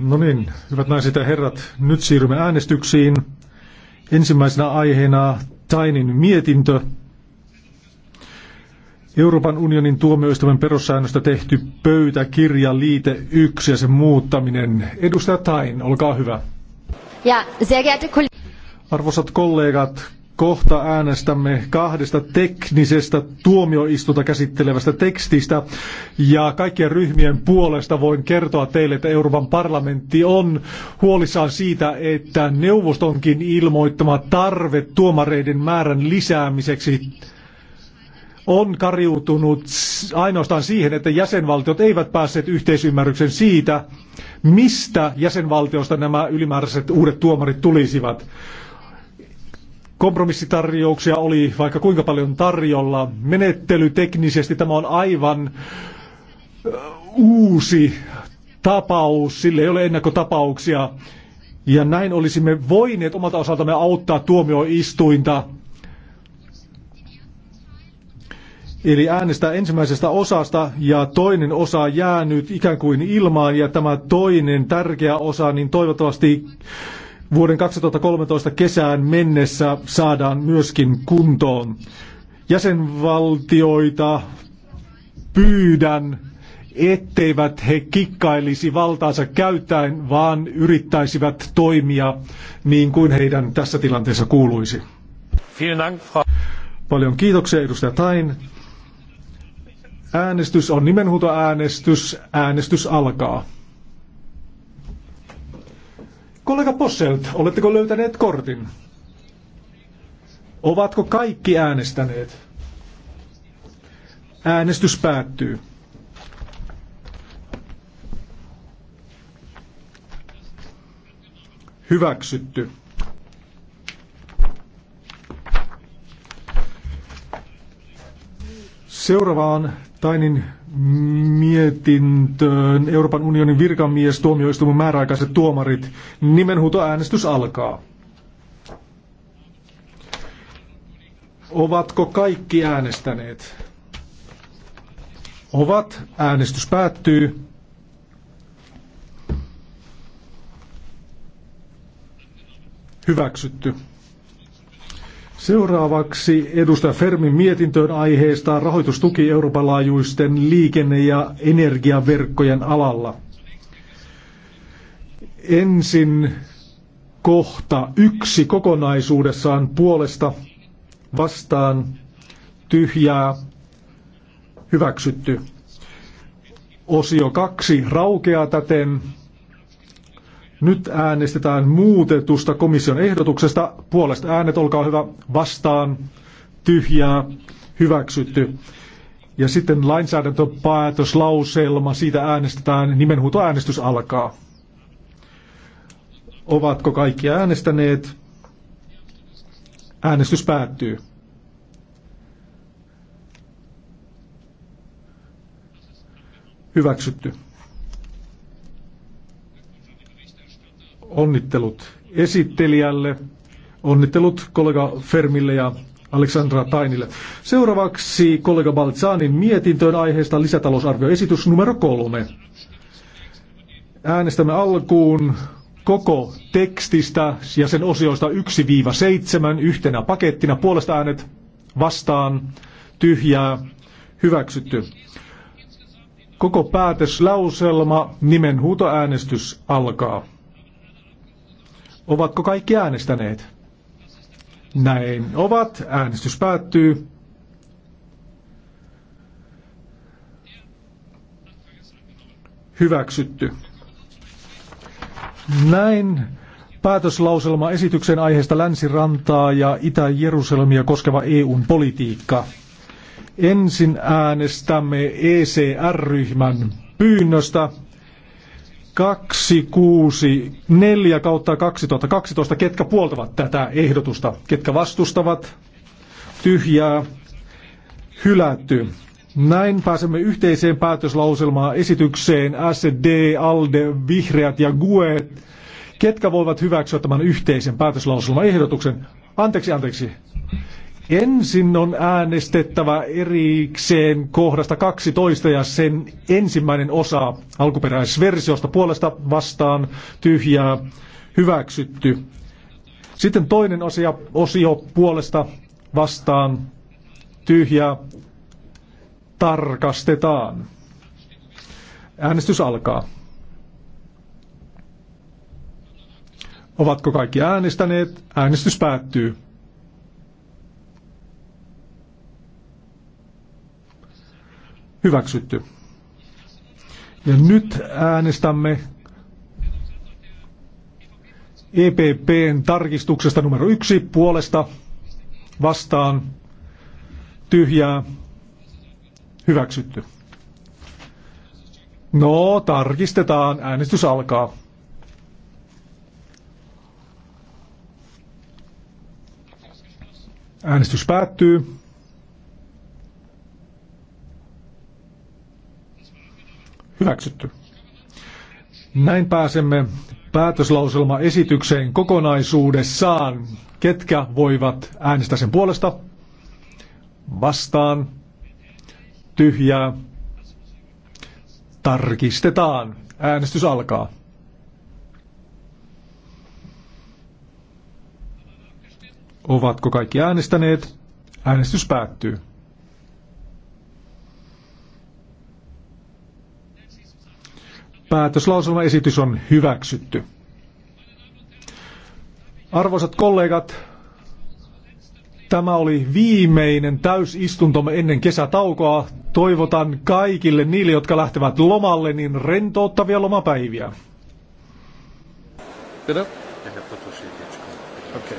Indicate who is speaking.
Speaker 1: No niin, hyvät naiset ja herrat, nyt siirrymme äänestyksiin. Ensimmäisenä aiheena Tainin mietintö. Euroopan unionin tuomioistuimen perussäännöstä tehty pöytäkirja liite 1 ja sen muuttaminen. Edustaja Tain, olkaa hyvä. Ja, sehr geehrte Arvoisat kollegat, Kohta äänestämme kahdesta teknisestä tuomioistuta käsittelevästä tekstistä ja kaikkien ryhmien puolesta voin kertoa teille, että Euroopan parlamentti on huolissaan siitä, että neuvostonkin ilmoittama tarve tuomareiden määrän lisäämiseksi on kariutunut ainoastaan siihen, että jäsenvaltiot eivät päässeet yhteisymmärryksen siitä, mistä jäsenvaltiosta nämä ylimääräiset uudet tuomarit tulisivat kompromissitarjouksia oli vaikka kuinka paljon tarjolla. Menettely teknisesti tämä on aivan uusi tapaus, sille ei ole ennakkotapauksia. Ja näin olisimme voineet omalta osaltamme auttaa tuomioistuinta. Eli äänestää ensimmäisestä osasta ja toinen osa jää nyt ikään kuin ilmaan ja tämä toinen tärkeä osa, niin toivottavasti vuoden 2013 kesään mennessä saadaan myöskin kuntoon. Jäsenvaltioita pyydän, etteivät he kikkailisi valtaansa käyttäen, vaan yrittäisivät toimia niin kuin heidän tässä tilanteessa kuuluisi. Paljon kiitoksia edustaja Tain. Äänestys on nimenhuutoäänestys. Äänestys alkaa. Kollega Posselt, oletteko löytäneet kortin? Ovatko kaikki äänestäneet? Äänestys päättyy. Hyväksytty. Seuraavaan Tainin mietintöön Euroopan unionin virkamies tuomioistuimen määräaikaiset tuomarit. Nimenhuutoäänestys alkaa. Ovatko kaikki äänestäneet? Ovat. Äänestys päättyy. Hyväksytty. Seuraavaksi edustaja Fermin mietintöön aiheesta rahoitustuki Euroopan laajuisten liikenne- ja energiaverkkojen alalla. Ensin kohta yksi kokonaisuudessaan puolesta vastaan tyhjää hyväksytty. Osio kaksi raukeaa täten nyt äänestetään muutetusta komission ehdotuksesta. Puolesta äänet, olkaa hyvä, vastaan, tyhjää, hyväksytty. Ja sitten lainsäädäntöpäätöslauselma, siitä äänestetään, nimenhuutoäänestys alkaa. Ovatko kaikki äänestäneet? Äänestys päättyy. Hyväksytty. Onnittelut esittelijälle, onnittelut kollega Fermille ja Aleksandra Tainille. Seuraavaksi kollega Balzanin mietintöön aiheesta lisätalousarvioesitys numero kolme. Äänestämme alkuun koko tekstistä ja sen osioista 1-7 yhtenä pakettina. Puolesta äänet vastaan, tyhjää, hyväksytty. Koko päätöslauselma, nimenhuutoäänestys alkaa. Ovatko kaikki äänestäneet? Näin ovat. Äänestys päättyy. Hyväksytty. Näin päätöslauselma esityksen aiheesta Länsirantaa ja Itä-Jerusalemia koskeva EUn politiikka. Ensin äänestämme ECR-ryhmän pyynnöstä. 264 kautta 2012, ketkä puoltavat tätä ehdotusta, ketkä vastustavat, tyhjää, hylätty. Näin pääsemme yhteiseen päätöslauselmaan esitykseen SD, ALDE, Vihreät ja GUE. Ketkä voivat hyväksyä tämän yhteisen päätöslauselman ehdotuksen? Anteeksi, anteeksi. Ensin on äänestettävä erikseen kohdasta 12 ja sen ensimmäinen osa alkuperäisversiosta puolesta vastaan tyhjää hyväksytty. Sitten toinen osio puolesta vastaan tyhjää tarkastetaan. Äänestys alkaa. Ovatko kaikki äänestäneet? Äänestys päättyy. Hyväksytty. Ja nyt äänestämme EPPn tarkistuksesta numero yksi puolesta vastaan tyhjää hyväksytty. No, tarkistetaan. Äänestys alkaa. Äänestys päättyy. Hyväksytty. Näin pääsemme päätöslauselmaesitykseen kokonaisuudessaan. Ketkä voivat äänestää sen puolesta? Vastaan. Tyhjää. Tarkistetaan. Äänestys alkaa. Ovatko kaikki äänestäneet? Äänestys päättyy. Päätöslauselmaesitys on hyväksytty. Arvoisat kollegat, tämä oli viimeinen täysistuntomme ennen kesätaukoa. Toivotan kaikille niille, jotka lähtevät lomalle, niin rentouttavia lomapäiviä. Okay.